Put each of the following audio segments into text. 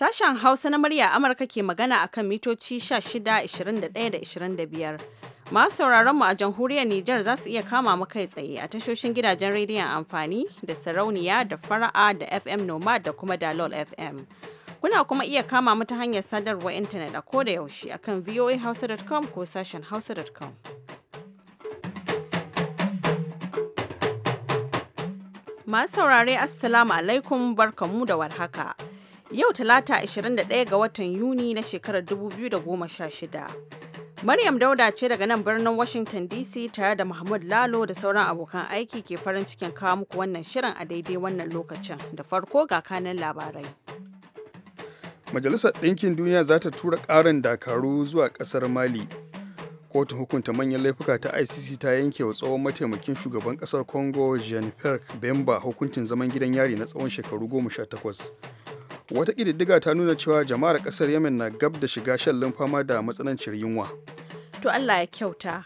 Sashen Hausa na murya Amurka ke magana a kan mitoci 16, 21 da 25. Masu sauraron mu a jamhuriyar Nijar za su iya kama mu kai tsaye a tashoshin gidajen rediyon amfani da sarauniya da fara'a da FM Nomad da kuma Dalol FM. Kuna kuma iya kama mu ta hanyar sadarwar intanet a ko da yaushe akan voahausa.com ko sashen hausa.com. Masu saurare Assalamu alaikum barkamu da warhaka. Yau Talata 21 ga watan Yuni na shekarar 2016. Maryam Dauda ce daga nan birnin Washington DC tare da Mahmud Lalo da sauran abokan aiki ke farin cikin kawo muku wannan shirin a daidai wannan lokacin. Da farko ga kanan labarai. Majalisar Ɗinkin Duniya za ta tura ƙarin dakaru zuwa ƙasar Mali. Kotun hukunta manyan laifuka ta ICC ta yanke wa tsohon mataimakin shugaban ƙasar Congo Jean-Pierre Bemba hukuncin zaman gidan yari na tsawon shekaru 18. wata ƙididdiga ta nuna cewa jama'ar ƙasar yemen na gab da shiga shan fama da matsanancin yunwa to allah ya kyauta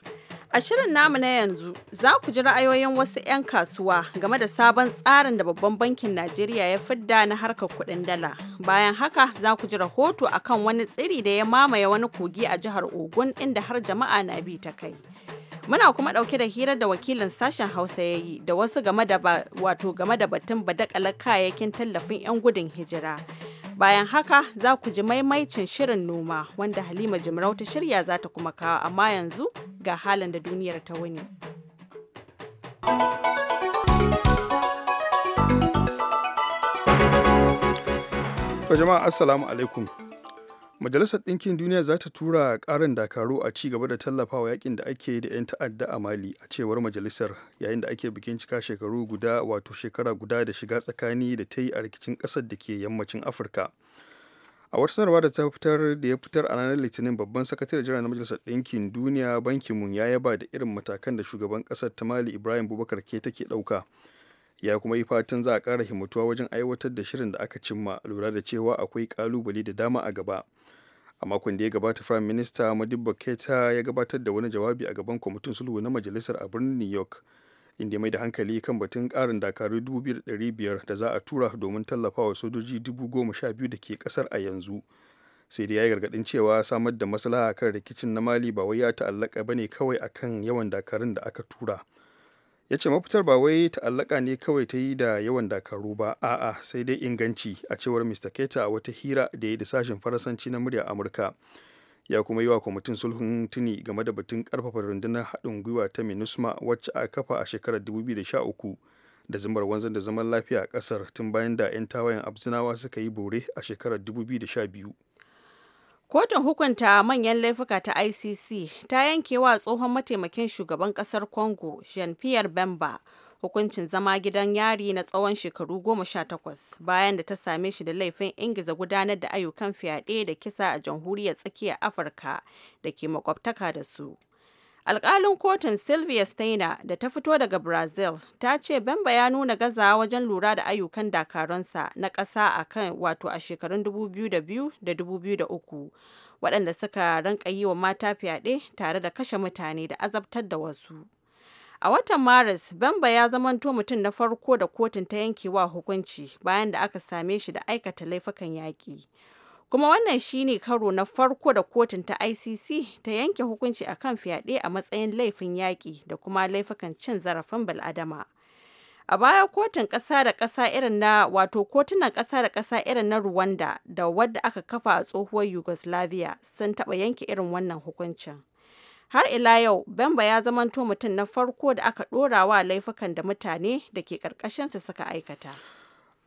a shirin namu na yanzu za ku ji ra'ayoyin wasu 'yan kasuwa game da sabon tsarin da babban bankin najeriya ya fidda na harkar kuɗin dala bayan haka za ku ji rahoto akan wani tsiri da ya mamaye wani kogi a jihar ogun inda har jama'a na bi ta kai Muna kuma ɗauke da hirar da wakilin sashen Hausa ya yi da wasu game da wato game da batun badakalar kayayyakin tallafin 'yan gudun hijira. Bayan haka za ku ji maimaicin shirin noma wanda Halima Jimarau ta shirya za ta kuma kawo amma yanzu ga halin da duniyar ta wuni. To jama'a assalamu alaikum. majalisar ɗinkin duniya za ta tura ƙarin dakaru a ci gaba da tallafawa yakin da ake da 'yan ta'adda a mali a cewar majalisar yayin da ake bikin cika shekaru guda wato shekara guda da shiga tsakani da ta yi a rikicin ƙasar da ke yammacin afirka a wata sanarwa da ta fitar da ya fitar a ranar litinin babban sakatare jiran majalisar ɗinkin duniya bankin mun ya yaba da irin matakan da shugaban ƙasar ta mali ibrahim bubakar ke take ɗauka ya kuma yi fatan za a ƙara himmatuwa wajen aiwatar da shirin da aka cimma lura da cewa akwai ƙalubale da dama a gaba a makon da ya gabata prime minister modibo keta ya gabatar da wani jawabi a gaban kwamitin sulhu na majalisar a birnin new york inda mai da hankali kan batun ƙarin dakaru 2,500 da za a tura domin tallafawa sojoji dubu goma sha biyu da ke ƙasar a yanzu sai dai ya yi gargaɗin cewa samar da maslaha kan rikicin na mali ba wai ya ta'allaka bane kawai akan yawan dakarun da aka tura ya ce mafitar ba wai ta'allaka ne kawai ta yi da yawan dakaru ba a'a sai dai inganci a cewar mr keta a wata hira da ya da sashen faransanci na murya amurka ya kuma yi wa kwamitin sulhun tuni game da batun karfafa rundunar haɗin gwiwa ta minusma wacce a kafa a shekarar 2013 da zumbar wanzan da zaman lafiya a ƙasar tun bayan da 'yan tawayen abzinawa suka yi bore a shekarar 2012 Kotun hukunta manyan laifuka ta ICC ta yanke wa tsohon mataimakin shugaban kasar Congo Jean-Pierre Bemba hukuncin zama gidan yari na tsawon shekaru goma sha takwas bayan da ta same shi da laifin ingiza gudanar da ayyukan fyaɗe da kisa a jamhuriyar tsakiyar Afirka da ke makwabtaka da su. alƙalin kotun sylvia steiner da ta fito daga brazil ta ce bamba ya nuna gazawa wajen lura da ayyukan dakaransa na ƙasa a kan wato a shekarun 2002 da 2003 waɗanda suka rinka yi wa mata fyaɗe tare da kashe mutane da azabtar da wasu a watan maris bamba ya zamanto mutum na farko da kotun ta yankewa hukunci bayan da aka same shi da aikata laifukan yaƙi kuma wannan shine karo na farko da kotun ta ICC ta yanke hukunci akan fyaɗe a matsayin laifin yaƙi da kuma laifukan cin zarafin bal'adama A baya kotun ƙasa da ƙasa irin na wato kotunan ƙasa da ƙasa irin na Rwanda da wadda aka kafa a tsohuwar Yugoslavia sun taɓa yanke irin wannan hukuncin. Har ila yau, Bemba ya zamanto mutum na farko da aka ɗorawa laifukan da mutane da ke ƙarƙashinsa suka aikata.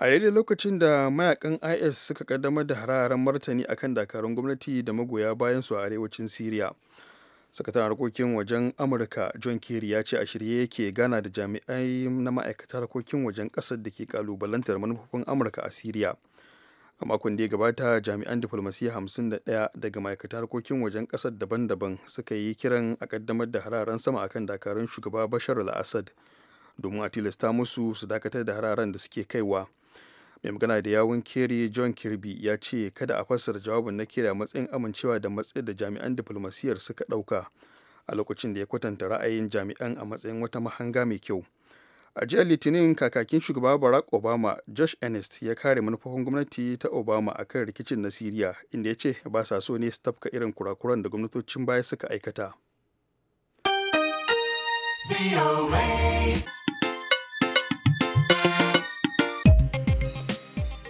a daidai lokacin da mayakan is suka kaddamar da hararen martani akan dakarun gwamnati da magoya bayan su a arewacin syria sakataren harkokin wajen amurka john kerry ya ce a shirye yake gana da jami'ai na ma'aikatar harkokin wajen kasar da ke kalubalantar manufofin amurka a syria a makon da ya gabata jami'an hamsin da 51 daga ma'aikatar harkokin wajen kasar daban-daban suka yi kiran a kaddamar da hararen sama akan dakarun shugaba bashar al-assad domin a tilasta musu su dakatar da hararen da suke kaiwa mai magana da yawun kerry john kirby ya ce kada a fassara jawabin na kera matsayin amincewa da matsayi da jami'an diflomasiyyar suka ɗauka a lokacin da ya kwatanta ra'ayin jami'an a matsayin wata mahanga mai kyau a jiyar litinin kakakin shugaba barack obama josh ernest ya kare manufofin gwamnati ta obama a kan rikicin na siriya inda ya ce ba sa so ne su tafka irin kurakuran da gwamnatocin baya suka aikata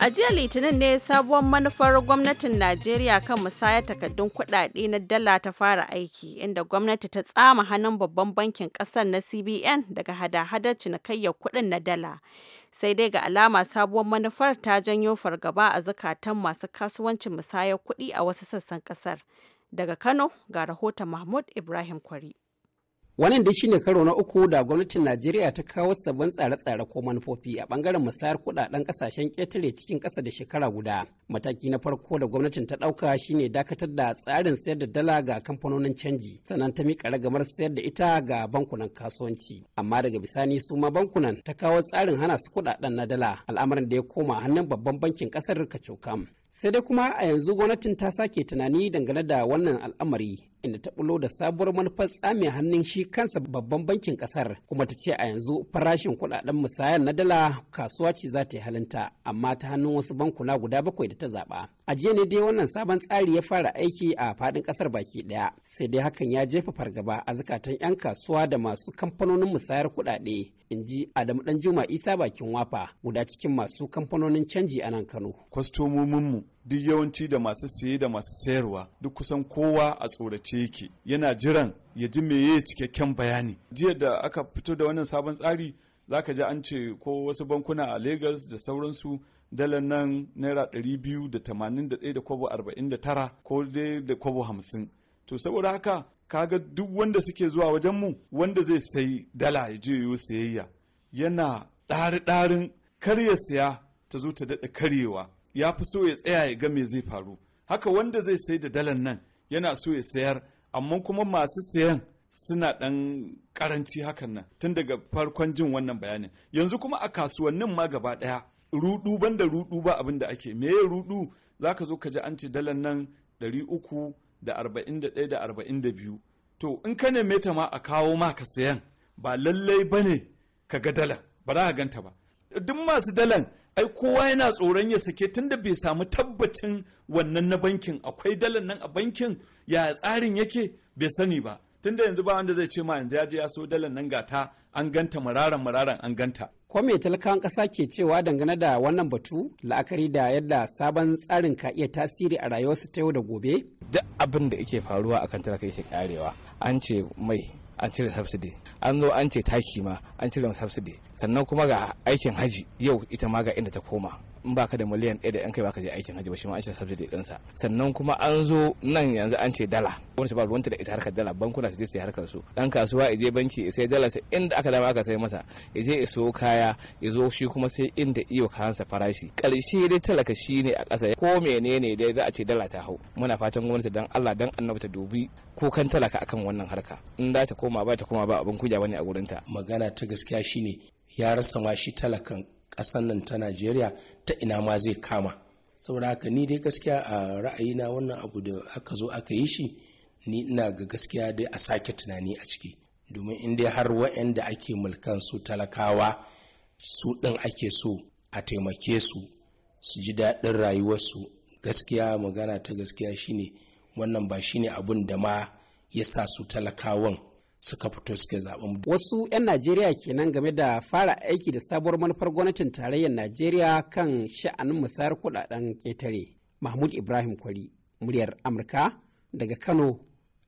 A jiya Litinin ne sabuwar manufar gwamnatin Najeriya kan musayar takardun kuɗaɗe na dala ta fara aiki, inda gwamnati ta tsama hannun babban bankin ƙasar na CBN daga hada-hadar cinikayyar kuɗin na dala. Sai dai ga alama sabuwar manufar ta janyo fargaba a zukatan masu kasuwancin musayar kuɗi a wasu sassan ƙasar. Daga Kano ga rahoton Mahmud Ibrahim Kwari. wannan dai shine karo na uku da gwamnatin najeriya ta kawo sabbin tsare-tsare ko manufofi a bangaren musayar kudaden kasashen ƙetare cikin ƙasa da shekara guda mataki na farko da gwamnatin ta ɗauka shine dakatar da tsarin sayar da dala ga kamfanonin canji sannan ta miƙa ragamar sayar da ita ga bankunan kasuwanci amma daga bisani su ma bankunan ta kawo tsarin hana su kudaden na dala al'amarin da ya koma hannun babban bankin ƙasar kacokam sai dai kuma a yanzu gwamnatin ta sake tunani dangane da wannan al'amari inda ta bulo da sabuwar manufar tsame hannun shi kansa babban bankin kasar kuma ta ce a yanzu farashin kudaden musayar na dala kasuwa ce za ta yi halinta amma ta hannun wasu bankuna guda bakwai da ta zaba a jiya ne dai wannan sabon tsari ya fara aiki a fadin kasar baki daya sai dai hakan ya jefa fargaba a zukatan yan kasuwa da masu kamfanonin musayar kudade in ji adamu dan juma isa bakin wafa guda cikin masu kamfanonin canji a nan kano Kwastomomin mu. duk yawanci da masu siye da masu sayarwa duk kusan kowa a tsorace yake yana jiran ya ji meye cikakken bayani jiya da aka fito da wannan sabon tsari zaka ji an ce ko wasu bankuna a Legas da sauransu dalar nan naira biyu da kwabo tara ko dai da kwabo hamsin, to saboda haka ka ga duk wanda suke zuwa wajen mu wanda zai sayi dala ya je yiwu sayayya yana ɗari-ɗarin kar ya siya ta zo ta daɗa karyewa ya fi so ya tsaya ya ga me zai faru haka wanda zai sai da dalan nan yana so ya sayar amma kuma masu sayan suna ɗan karanci hakan nan tun daga farkon jin wannan bayanin yanzu kuma a kasuwannin ma gaba ɗaya rudu banda rudu ba abin da ake me ya rudu za ka zo ka ji an ce dalan nan 341 da 42 to in ka neme ta ma a kawo ma ka sayan ba lallai ba ne ka ga dalan ba za ka ganta ba duk masu dalan ai kowa yana tsoron ya sake tunda bai samu tabbacin wannan na bankin akwai dalar nan a bankin ya tsarin yake bai sani ba tunda yanzu ba wanda zai ce ma yanzu ya je ya so dalar nan gata an ganta mararan mararan an ganta ko me talakawan ƙasa ke cewa dangane da wannan batu la'akari da yadda sabon tsarin ka iya tasiri a rayuwarsu ta yau da gobe duk abin da yake faruwa akan talaka yake karewa an ce mai an cire subsidy an zo an ce taki ma an cire subsidy sannan kuma ga aikin haji yau ita ma ga inda ta koma in baka da miliyan ɗaya da yan kai baka je aikin hajji ba shi ma an ce subsidy ɗinsa sannan kuma an zo nan yanzu an ce dala wani ba ruwanta da ita harkar dala bankuna su je su yi harkar su dan kasuwa ya je banki ya sai dala sai inda aka dama aka sai masa ya je ya so kaya ya zo shi kuma sai inda iyo kayansa farashi ƙarshe dai talaka shi ne a ƙasa ko menene dai za a ce dala ta hau muna fatan gwamnati dan Allah dan annabi ta dubi kukan talaka akan wannan harka in da ta koma ba ta koma ba abin kunya bane a ta. magana ta gaskiya shine ya rasa ma shi talakan ƙasar nan ta najeriya ta ina ma zai kama saboda haka ni dai gaskiya a na wannan abu da aka zo aka yi shi ni ina ga gaskiya dai a sake tunani a ciki domin in dai har wa'anda ake mulkan su talakawa su ɗin ake so a taimake su su ji daɗin rayuwarsu gaskiya magana ta gaskiya shine wannan ba shine abun da ma ya sa su talakawan suka fito suke zaben wasu 'yan najeriya kenan game da fara aiki da sabuwar manufar gwamnatin tarayyar najeriya kan sha'anin musayar kudaden ketare mahmud ibrahim kwari muryar amurka daga kano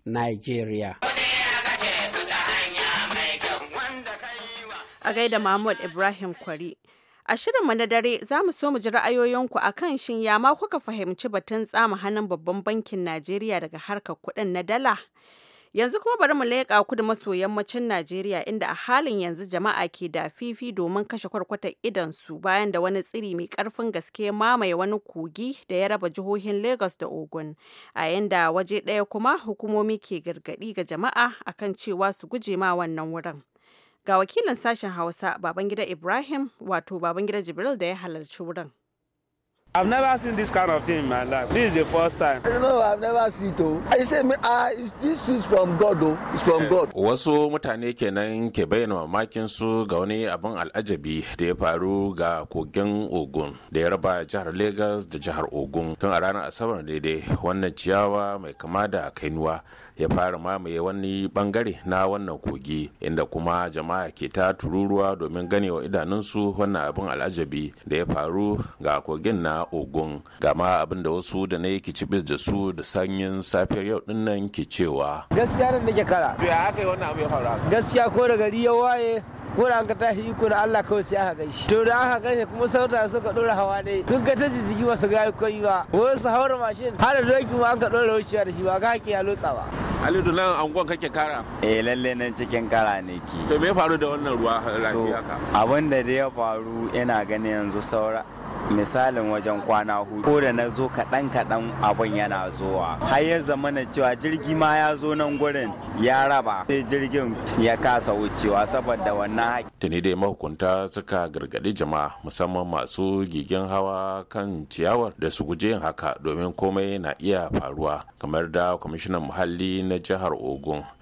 nigeria a gaida mahmud ibrahim kwari A shirinmu na dare za mu so mu ji ra'ayoyinku a kan shin ya ma kuka fahimci batun tsama hannun babban bankin Najeriya daga harkar kudin na dala? Yanzu kuma bari mu leƙa kudu maso yammacin Najeriya inda a halin yanzu jama'a ke da fifi domin kashe kwarkwatar su bayan da wani tsiri mai ƙarfin gaske mamaye wani kogi da ya raba jihohin Lagos da Ogun. A yanda waje ɗaya kuma hukumomi ke gargaɗi ga jama'a akan cewa su guje ma wannan wurin. Ga wakilin sashen Hausa Babangida Ibrahim wato Babangida Jibril da ya halarci wurin. I've never seen this kind of thing in my life. This is the first time. know, I've never seen it. Oh. I say, ah, this is from God. Oh. It's from God. Wasu mutane kenan ke bayyana mamakin su ga wani abin al'ajabi da ya faru ga kogin Ogun da ya raba jihar Lagos da jihar Ogun tun a ranar Asabar daidai wannan ciyawa mai kama da kainuwa ya fara mamaye wani bangare na wannan kogi inda kuma jama'a ke ta tururuwa domin ganewa idanunsu wannan abin al'ajabi da ya faru ga kogin na ogun gama abin da wasu da na yi kicibis da su da sanyin safiyar yau din nan ke cewa gaskiya nan nake kara to ya haka wannan abu ya faru gaskiya ko da gari ya waye ko da an ka tashi iko da Allah kawai sai aka gaishe to da aka gaishe kuma sauta suka dora hawa ne tun ka taji jiki wasu ga koyi ba wasu haura mashin har da doki ma an ka dora wuciya da shi ba ga ke ya lotsa ba Halidu nan angon kake kara? Eh lalle nan cikin kara ne ke. To me faru da wannan ruwa rafi haka? Abin da ya faru ina ganin yanzu saura misalin wajen kwana hudu ko da na zo kaɗan kaɗan abin yana zuwa har ya zama na cewa jirgi ma ya zo nan gurin ya raba sai jirgin ya kasa wucewa saboda wannan haƙi. tuni dai mahukunta suka gargaɗi jama'a musamman masu gigin hawa kan ciyawar da su guje yin haka domin komai na iya faruwa kamar da kwamishinan muhalli na jihar ogun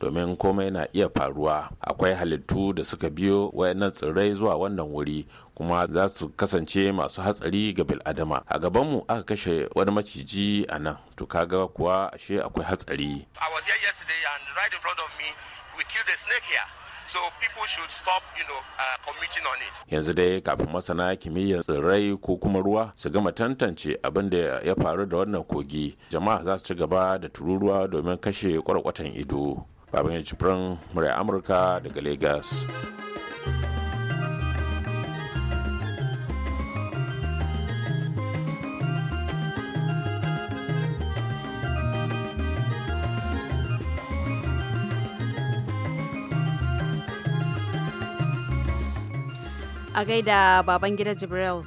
domin komai na iya faruwa akwai halittu da suka biyo wayannan tsirrai zuwa wannan wuri kuma za su kasance masu hatsari ga bil'adama a gabanmu aka kashe wani maciji a nan to kaga kuwa ashe akwai hatsari so people should stop you know, uh, on it. Yanzu dai kafin masana kimiyyar tsirrai ko kuma ruwa su gama tantance abin da ya faru da wannan kogi jama'a za su ci gaba da tururuwa domin kashe kwarkwatan ido. babin ya cifirin murya amurka daga lagos a gaida baban jibril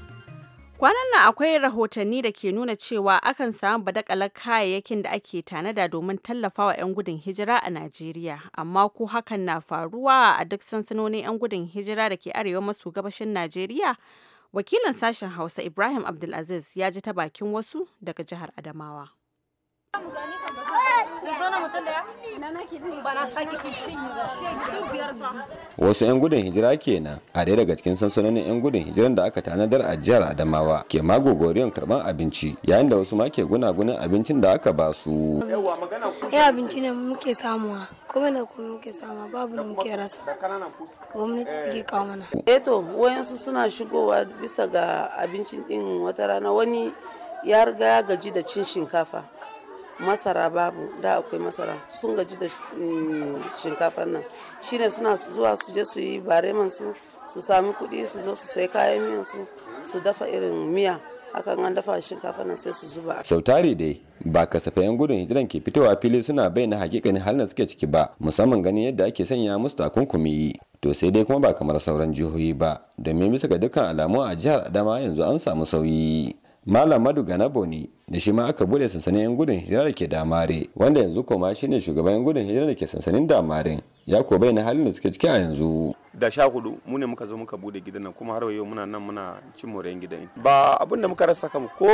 Kwanan nan akwai rahotanni da ke nuna cewa akan samu badakalar kayayyakin da ake tanada domin tallafawa 'yan gudun hijira a Najeriya, amma ko hakan na faruwa a duk sansanonin 'yan gudun hijira da ke arewa maso gabashin Najeriya? Wakilin sashen Hausa Ibrahim Abdulaziz ya ji ta bakin wasu daga jihar Adamawa. Wasu 'yan gudun hijira kenan a daya daga cikin sansanonin 'yan gudun hijiran da aka tanadar a jihar Adamawa ke magogoriyar karban abinci yayin da wasu ma ke gunagunin abincin da aka ba su. Ya eh, abinci ne muke samuwa kuma da kuma muke samuwa babu da muke rasa gwamnati eh. take kawo mana. Eto eh wayansu suna shigowa bisa ga abincin din wata rana wani ya riga ya gaji da cin shinkafa. masara babu da akwai masara sun gaji da mm, shinkafar nan shine suna zuwa su je su yi bareman su su sami kuɗi su zo su sai kayan miyan su su dafa irin miya hakan an dafa shinkafar nan sai su zuba sau tari dai ba kasafayen gudun hijiran ke fitowa fili suna bayyana hakikanin halin suke ciki ba musamman ganin yadda ake sanya musu takunkumi to sai dai kuma ba kamar sauran jihohi ba domin bisa ga dukkan alamu a jihar adama yanzu an samu sauyi malam madu gana boni da shi ma aka bude sansanin yan gudun hijira da ke damare wanda yanzu koma shi ne shugaban yan gudun hijira da ke sansanin damarin ya ko bayyana halin da suke ciki a yanzu da sha hudu mu ne muka zo muka bude gidan nan kuma har yau muna nan muna cin moren gidan ba abin da muka rasa kam ko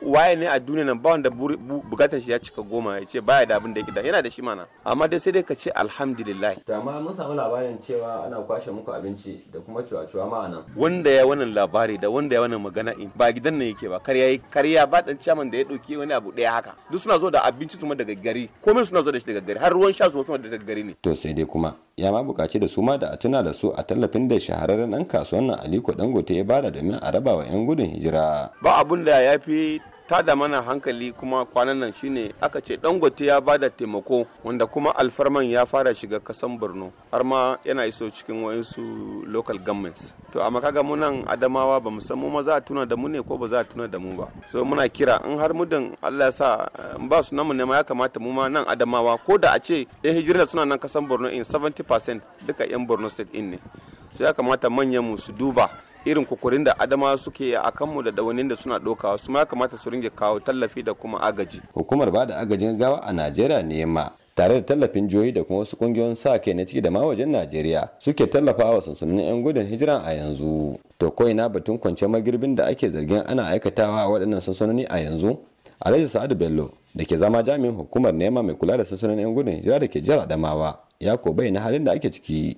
waye ne a duniya nan ba wanda bukatar shi ya cika goma ya ce baya da abin da gidan yana da shi mana amma dai sai dai ka ce alhamdulillah to ma mun samu labarin cewa ana kwashe muku abinci da kuma cewa ciwa ma nan wanda ya wannan labari da wanda ya wannan magana in ba gidan nan yake ba karya karya ba dan ciyaman da ya dauki wani abu daya haka duk suna zo da abinci su daga gari komai suna zo da shi daga gari har ruwan sha su suna daga gari ne to sai dai kuma ya ma bukaci da su ma da a tuna da su a tallafin da shahararren ɗan kasuwan nan aliko dangote ya bada domin a raba wa 'yan gudun hijira ba abun da ya fi tada mana hankali kuma kwanan nan shine aka ce dangote ya bada taimako wanda kuma alfarman ya fara shiga kasan borno har ma yana iso cikin wayansu local governments to amma kaga mun nan adamawa ba san mu za tuna da mu ne ko ba za tuna da mu ba so muna kira in har mudin Allah ya sa eh, in ba su namu ne ma ya kamata mu ma nan adamawa ko da a ce yan eh, hijira suna nan kasan borno in 70% duka yan borno state in ne so ya kamata manyan mu su duba irin kukurin da adama suke a kanmu da dawanin da suna ɗaukawa su ma kamata su ringe kawo tallafi da kuma agaji hukumar ba da agajin gawa a najeriya ne ma tare da tallafin jihohi da kuma wasu kungiyoyin sa kai na ciki da ma wajen najeriya suke tallafa wa sansanin yan gudun hijira a yanzu to ko ina batun kwance magirbin da ake zargin ana aikatawa a waɗannan sansanoni a yanzu alhaji sa'adu bello da ke zama jami'in hukumar nema mai kula da sansanin yan gudun hijira da ke jihar adamawa ya ko na halin da ake ciki.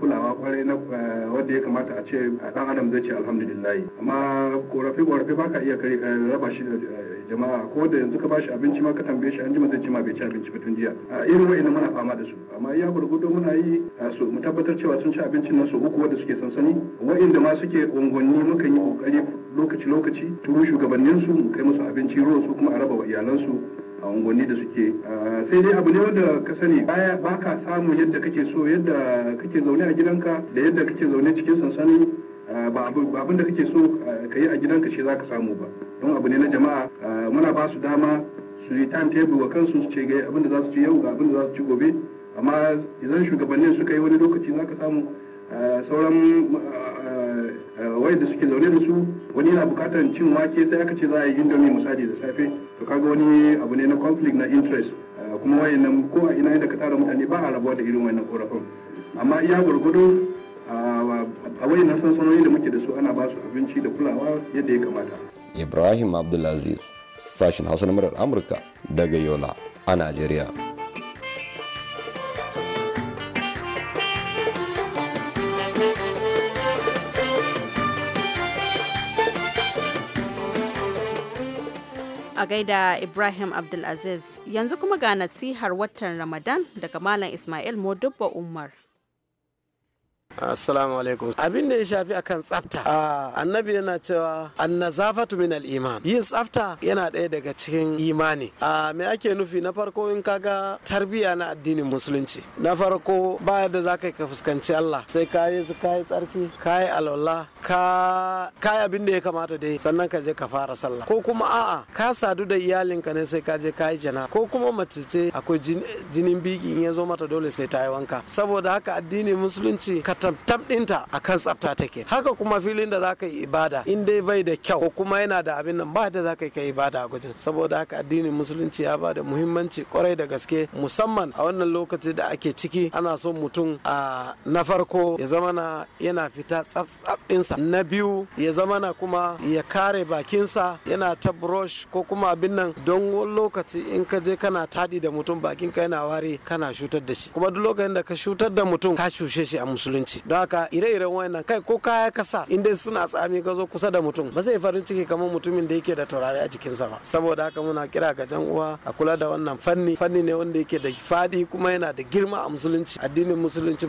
kulawa kwarai na eh, wanda ya kamata a ce dan eh, adam zai ce alhamdulillah amma korafe korafe baka iya kai raba shi da eh, jama'a ko da yanzu ka ba shi abinci ma ka tambaye shi an ji zai ce ma bai ci abinci ba tun jiya a irin wa'annan muna fama da su amma iya gurgudo muna yi su mu tabbatar cewa sun ci abincin nan uku wanda suke sansani wa'anda ma suke ungwanni mukan yi kokari lokaci lokaci turu shugabanninsu mu kai musu abinci ruwan su kuma a raba wa iyalansu a unguwanni da suke ah, sai dai abu ne wanda ka sani baya ba ka samu yadda kake so yadda kake zaune a gidanka da yadda kake zaune cikin sansani ah, ba abin da kake so ah, ka yi a gidanka shi za ka samu ba don abu ne na jama'a muna ba su dama su yi time table wa kansu su ce ga abin da za su ci yau ga abin da za su ci gobe amma idan shugabannin suka yi wani lokaci za ka samu sauran da suke zaune da su wani yana bukatar cin wake sai aka ce za a yi indomie misali da safe to kaga wani abu ne na conflict na interest eh, kuma nan ko a ina da ka tara mutane ba a rabuwa da irin wannan korafin amma iya gurgudu a wayannan sansanoni da muke da su ana ba su abinci da kulawa yadda ya kamata ibrahim abdulaziz sashen hausa na murar amurka daga yola a najeriya a gaida Ibrahim Abdulaziz. Yanzu kuma ga nasihar watan Ramadan daga Malam Ismail Modubba Umar. assalamu alaikum abin da ya shafi akan tsafta ah, annabi yana cewa annazafatu min al-iman yin tsafta yana ɗaya daga cikin imani a ah, me ake nufi na farko in kaga tarbiya na addinin musulunci na farko baya da zaka ka fuskanci Allah sai ka yi su ka yi tsarki ka yi alwala ka yi abin da ya kamata dai sannan ka je ka fara sallah ko kuma a'a ka sadu da iyalinka ne sai ka je ka yi jana ko kuma mace ce akwai jinin biki in ya zo mata dole sai ta yi wanka saboda haka addinin musulunci ka tamtam a kan tsafta take haka kuma filin da za ka yi ibada in dai bai da kyau ko kuma yana da abin nan ba da za ka yi ibada a gujin saboda haka addinin musulunci ya ba da muhimmanci kwarai da gaske musamman a wannan lokaci da ake ciki ana so mutum a na farko ya zama zamana yana fita tsaf na biyu ya zama zamana kuma ya kare bakinsa yana ta brush ko kuma abin nan don lokaci in ka je kana tadi da mutum bakinka yana ware kana shutar da shi kuma duk lokacin da ka shutar da mutum ka shushe shi a musulunci don haka ire-iren wayannan kai ko kaya kasa in dai suna tsami ka zo kusa da mutum ba zai farin ciki kamar mutumin da yake da taurari a sa ba saboda haka muna kira ga jan uwa a kula da wannan fanni fanni ne wanda yake da fadi kuma yana da girma a musulunci addinin musulunci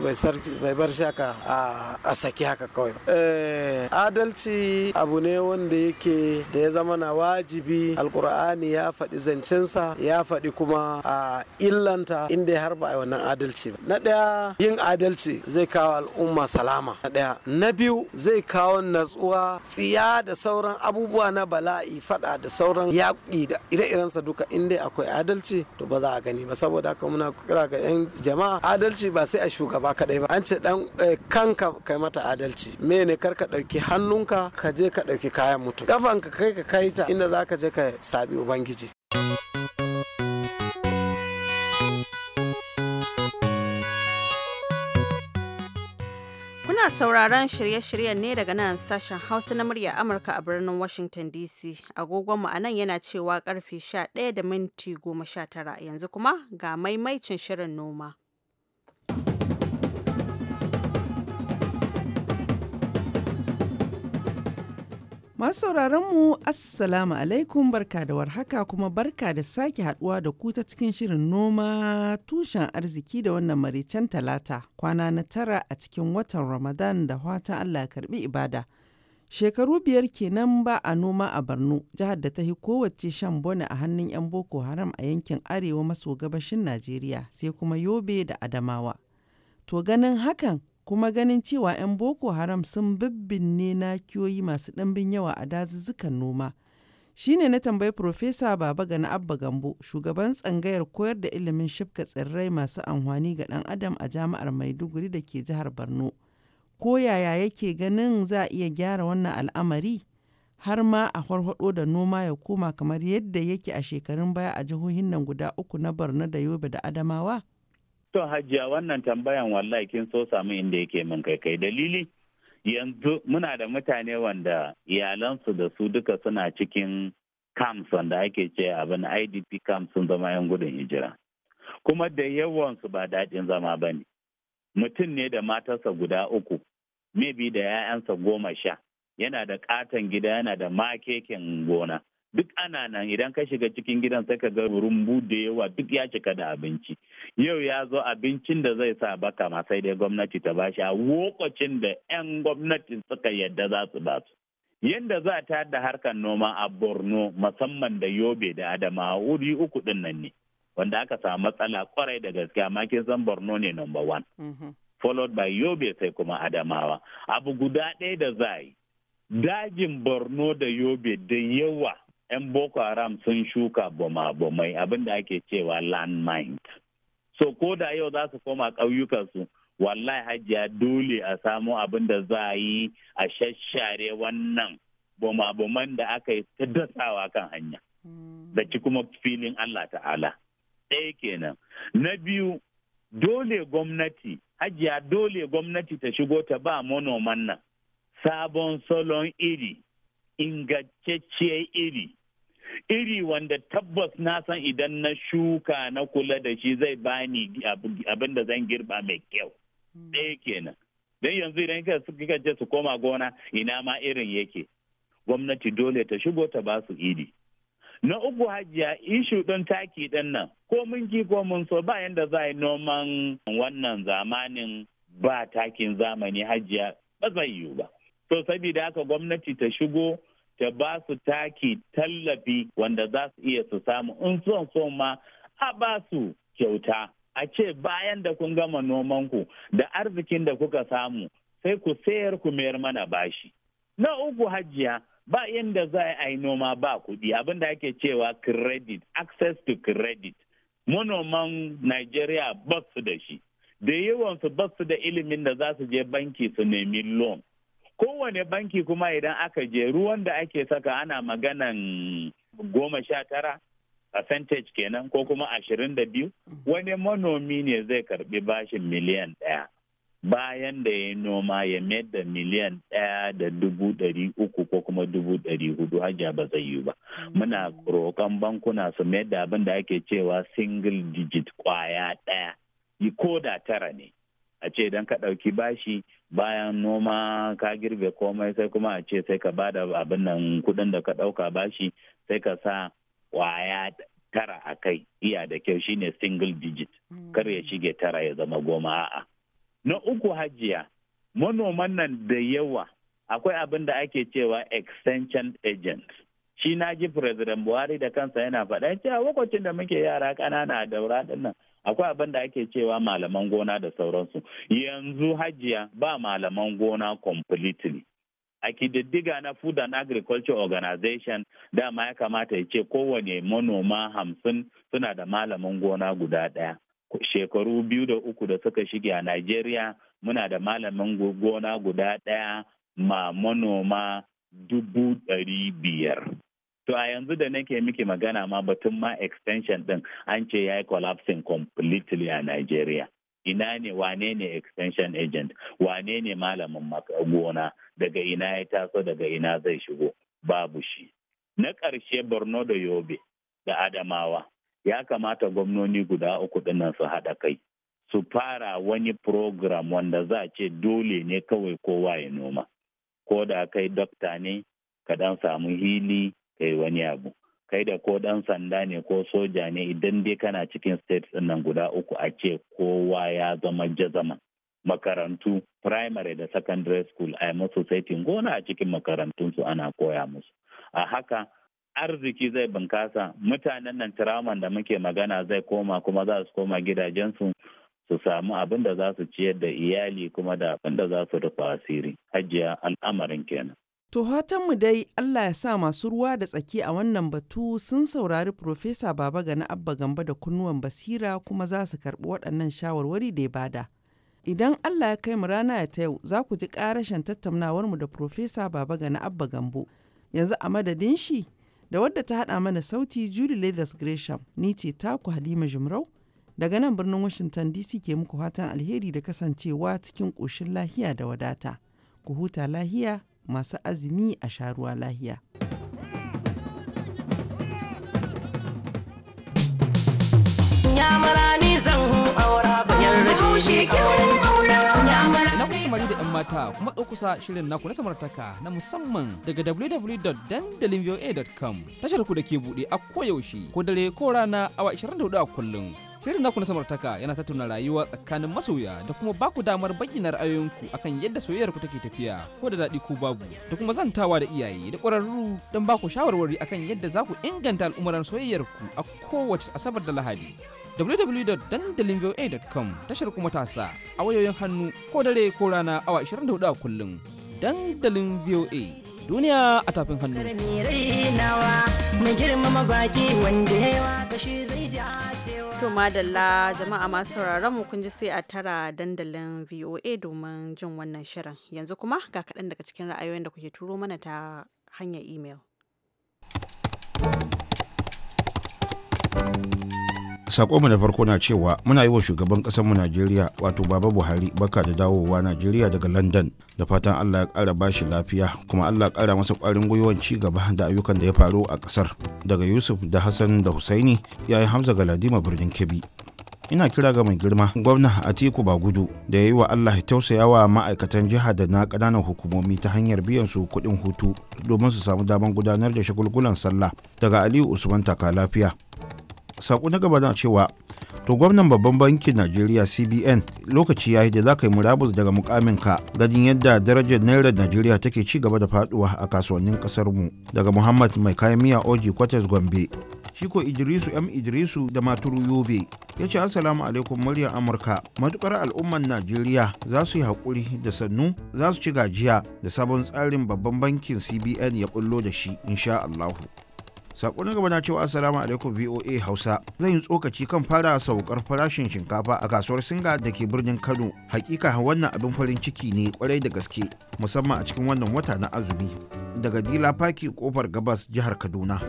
bai bar shaka a a saki haka kawai eh, adalci abu ne wanda yake da ya zama na wajibi alkur'ani ya faɗi zancensa ya faɗi kuma a illanta inda har ba a wannan adalci ba na ɗaya yin adalci zai kawo al'umma salama na ɗaya na biyu zai kawo natsuwa tsiya da sauran abubuwa na bala'i fada da sauran yaƙi da ire-irensa duka inda akwai adalci to ba za a gani ba saboda haka muna kira ga 'yan jama'a adalci ba sai a shugaba kaɗai ba an ce dan eh, kanka kai mata adalci me ne kar ka ɗauki hannunka ka je ka ɗauki kayan mutum kafanka kai ka kai ta inda za ka je ka sabi ubangiji sauraron shirye-shiryen ne daga nan sashen Hausa na murya Amurka a birnin Washington DC. Agogonmu a nan yana cewa karfe 11 da minti 19 yanzu kuma ga maimaicin shirin noma. Masu sauraron mu Assalamu alaikum barka da warhaka kuma barka da sake haduwa da ku ta cikin shirin noma tushen arziki da wannan maricen talata kwana na tara a cikin watan Ramadan da fatan Allah karbi ibada. Shekaru biyar kenan ba a noma a Borno, jihar da ta yi kowace shan bone a hannun 'yan Boko Haram a yankin arewa maso gabashin Najeriya sai kuma Yobe da Adamawa. To ganin hakan kuma ganin cewa 'yan Boko Haram sun bibbinne nakiyoyi masu ɗanbin yawa a dazuzzukan noma. shine na tambayi Profesa Baba na Abba Gambo, shugaban tsangayar koyar da ilimin shifka tsirrai masu amfani ga ɗan adam a jami'ar Maiduguri da ke jihar Borno. Ko yaya yake ganin za a iya gyara wannan al'amari? Har ma a farfaɗo da noma ya koma kamar yadda yake a shekarun baya a jihohin nan guda uku na Borno da Yobe da Adamawa? To hajiya wannan tambayan wallahi kin so samu inda yake min kai kai dalili yanzu muna da mutane wanda iyalansu da su duka suna cikin camps wanda ake ce abin IDP camps sun zama 'yan gudun hijira. Kuma da yawansu ba daɗin zama ba ne. Mutum ne da matarsa guda uku, maybe da 'ya'yansa goma sha, yana da katon gida yana da makekin gona. duk ana nan idan ka shiga cikin gidan sai ka ga rumbu da yawa duk ya cika da abinci yau ya zo abincin da zai sa baka ma sai dai gwamnati ta bashi a lokacin da 'yan gwamnatin suka yadda za su ba su yadda za ta da harkar noma a borno musamman da yobe da adamawa wuri uku din nan ne wanda aka samu matsala kwarai da gaske amma kin san borno ne number one mm-hmm. followed by yobe sai kuma adamawa abu guda ɗaya da za yi dajin borno da yobe da yawa 'yan boko haram sun shuka boma bomai abinda ake cewa landmines so ko da yau za su koma ƙauyukansu wallahi hajiya dole a samu abin za a yi a shashare wannan boma boman da aka yi ta dasawa kan hanya hmm. da ci kuma filin allah ta'ala ɗaya kenan na biyu dole gwamnati hajiya dole gwamnati ta shigo ta ba manoman nan sabon salon iri ingantacciyar iri iri wanda tabbas na san idan na shuka na kula da shi zai bani abin da zan girba mai kyau hmm. ɗaya kenan don yanzu idan kika je su koma gona ina ma irin yake gwamnati dole ta shigo ta ba su iri na uku hajiya ishu ɗin taki ɗin nan ko mun ki ko mun so ba yanda za yi noman wannan zamanin ba takin zamani hajiya ba zai yiwu ba to saboda haka gwamnati ta shigo ta ba su taki tallafi wanda za su iya su samu in son son ma a ba su kyauta a ce bayan da kun gama nomanku da arzikin da kuka samu sai ku sayar ku mayar mana bashi na uku hajiya ba yadda za a yi noma ba kudi abin da ake cewa credit access to credit manoman nigeria ba su da shi da yawansu ba su da ilimin da za su je banki su nemi loan kowane banki kuma idan aka je ruwan da ake saka ana maganan goma sha tara percentage kenan ko kuma ashirin da biyu wani manomi ne zai karbi bashin miliyan ɗaya bayan da ya noma ya mayar da miliyan ɗaya da dubu ɗari uku ko kuma dubu ɗari hudu hajja ba zai yi ba muna roƙon bankuna su mayar da abin da ake cewa single digit kwaya ɗaya ko da tara ne a ce idan ka ɗauki bashi bayan noma ka girbe komai sai kuma a ce sai ka ba da abin nan kudin da ka dauka bashi sai ka sa kwaya tara a kai iya da kyau shine single digit kar ya shige tara ya zama goma a'a na uku hajiya manoman nan da yawa akwai abin da ake cewa extension agent shi na ji president buhari da kansa yana faɗa cewa lokacin da muke yara kanana a daura ɗin nan akwai abin da ake cewa malaman gona da sauransu yanzu hajiya ba malaman gona completely a kididdiga na food and agriculture organization dama ya kamata ya ce kowane manoma hamsin suna da malaman gona guda ɗaya shekaru biyu da uku da suka shige a nigeria muna da malaman gona guda ɗaya ma manoma dubu ɗari biyar To a yanzu da nake miki magana ma batun ma extension ɗin an ce ya yi collapsing completely a Nigeria. Ina ne wane ne extension agent, wane ne malamin gona daga ina ya taso daga ina zai shigo babu shi. Na ƙarshe Borno da Yobe da Adamawa ya kamata gwamnoni guda uku dinnan su haɗa kai. Su fara wani program wanda za a ce dole ne kawai kowa ya noma. Ko da kai dokta ne, ka dan samu hili kai wani abu kai da ko dan sanda ne ko soja ne idan dai kana cikin state ɗin nan guda uku a ce kowa ya zama jazama makarantu primary da secondary school a musu saitin gona a cikin makarantunsu ana koya musu a haka arziki zai bunkasa mutanen nan tiraman da muke magana zai koma kuma za su koma gidajensu su samu abin da za su ciyar da iyali kuma da abin da za su rufa asiri hajiya al'amarin kenan To hatanmu dai Allah ya sa masu ruwa da tsaki a wannan batu sun saurari Profesa Baba Gani Abba Gamba da kunnuwan basira kuma za su karɓi waɗannan shawarwari da ya bada. Idan Allah ya kai mu rana ya ta yau za ku ji ƙarashin mu da Profesa Baba Gani Abba Gambo. Yanzu a madadin shi da wadda ta haɗa mana sauti Julie Leathers Gresham ni ce taku Halima Jumrau daga nan birnin Washington DC ke muku fatan alheri da kasancewa cikin ƙoshin lahiya da wadata. Ku huta lahiya masu azumi a sharuwa lahiya. Na kusa mari da 'yan mata kuma kusa shirin naku na samartaka na musamman daga www.dandalinvoa.com tashar ku da ke buɗe a koyaushe ko dare ko rana awa 24 a kullum Shirin naku na samartaka yana tattauna rayuwa tsakanin masoya da kuma baku damar bayyana ra'ayoyinku akan yadda ku take tafiya ko da daɗi ko babu da kuma zantawa da iyaye da ƙwararru don baku shawarwari akan yadda za ku inganta al'umuran ku a kowace asabar da lahadi. www.dandalinvoa.com tashar kuma tasa a wayoyin hannu ko dare ko rana awa 24 a kullum dandalin VOA. duniya a tafin hannu to madalla jama'a masu sauraron mu kun ji sai a tara dandalin voa domin jin wannan shirin yanzu kuma ga kaɗan daga cikin ra'ayoyin da kuke turo mana ta hanyar email mu na farko na cewa muna yi wa shugaban mu najeriya wato baba buhari baka da dawowa najeriya daga london da fatan allah ya kara bashi lafiya kuma allah ya kara masa kwarin gwiwan ci gaba da ayyukan da ya faru a kasar daga yusuf da hassan da husaini yayin hamza galadima birnin kebbi ina kira ga mai girma gwamna atiku bagudu da ya yi wa allah ya tausaya wa ma'aikatan jiha da na ƙananan hukumomi ta hanyar biyan su kuɗin hutu domin su samu damar gudanar da shagulgulan sallah daga aliyu usman taka lafiya sako na gaba na cewa to gwamnan babban bankin najeriya cbn lokaci ya yi da za ka yi murabus daga mukamin ka ganin yadda darajar naira najeriya take ci gaba da faduwa a kasuwannin kasar mu daga muhammad mai kayan miya oji kwatas gombe shi ko idrisu m idrisu da maturu yobe ya ce assalamu alaikum muryar amurka matukar al'umman najeriya za su yi haƙuri da sannu za su ci gajiya da sabon tsarin babban bankin cbn ya bullo da shi insha allahu sakon gaba na cewa assalamu alaikum voa hausa zan yi tsokaci kan fara saukar farashin shinkafa a kasuwar singa da ke birnin kano hakika wannan abin farin ciki ne kwarai da gaske musamman a cikin wannan wata na azumi daga dila faki kofar gabas jihar kaduna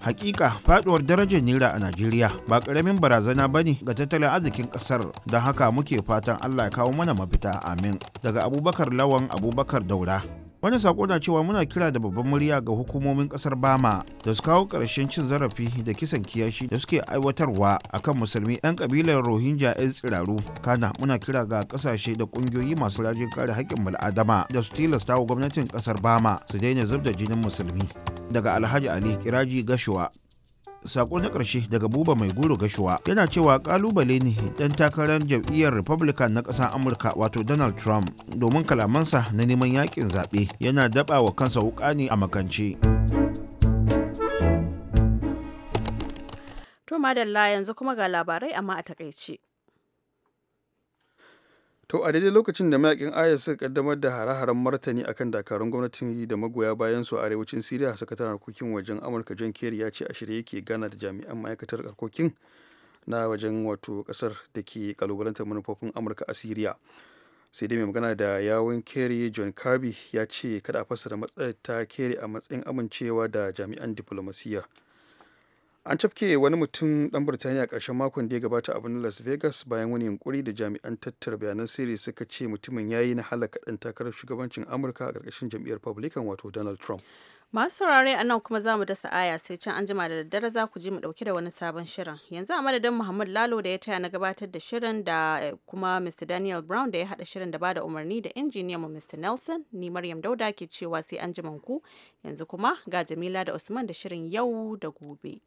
hakika faduwar darajar naira a najeriya ba karamin barazana ba ne ga tattalin arzikin kasar don haka muke fatan allah ya kawo mana mafita amin daga abubakar lawan abubakar daura wani sako na cewa muna kira da babban murya ga hukumomin kasar bama da su kawo ƙarshen cin zarafi da kisan kiyashi da suke aiwatarwa a kan musulmi 'yan kabilar rohingya 'yan tsiraru kana muna kira ga ƙasashe da ƙungiyoyi masu rajin kare haƙƙin bal'adama da su tilasta wa gwamnatin ƙasar bama su daina zub da jinin musulmi daga alhaji ali kiraji gashuwa sako na ƙarshe daga buba mai guru gashuwa yana cewa kalubale ne dan takarar jam'iyyar republican na ƙasar amurka wato donald trump domin kalamansa na neman yakin zaɓe yana daba wa kansa wuƙa ne a makance to madalla yanzu kuma ga labarai amma a takaice To a daidai lokacin da mayakin IS suka kaddamar da hare-haren martani akan dakarun gwamnatin da magoya bayan su a arewacin Siriya sakataren harkokin wajen Amurka John Kerry ya ce a shirye yake gana da jami'an ma'aikatar harkokin na wajen wato kasar da ke kalubalantar manufofin Amurka a Siriya. Sai dai mai magana da yawon Kerry John Kirby ya ce kada a fassara matsayar ta Kerry a matsayin amincewa da jami'an diplomasiyya. an cafke wani mutum dan birtaniya karshen makon da ya gabata a birnin las vegas bayan wani yunkuri da jami'an tattara bayanan sirri suka ce mutumin ya yi na halaka ɗan takarar shugabancin amurka a ƙarƙashin jam'iyyar republican wato donald trump masu saurare a nan kuma za mu dasa aya sai can an jima da daddare za ku je mu dauke da wani sabon shirin yanzu a madadin muhammad lalo da ya taya na gabatar da shirin da eh, kuma mr daniel brown da ya haɗa shirin da ba da umarni da injiniyan mu mr nelson ni maryam dauda ke cewa sai an ku yanzu kuma ga jamila da usman da shirin yau da gobe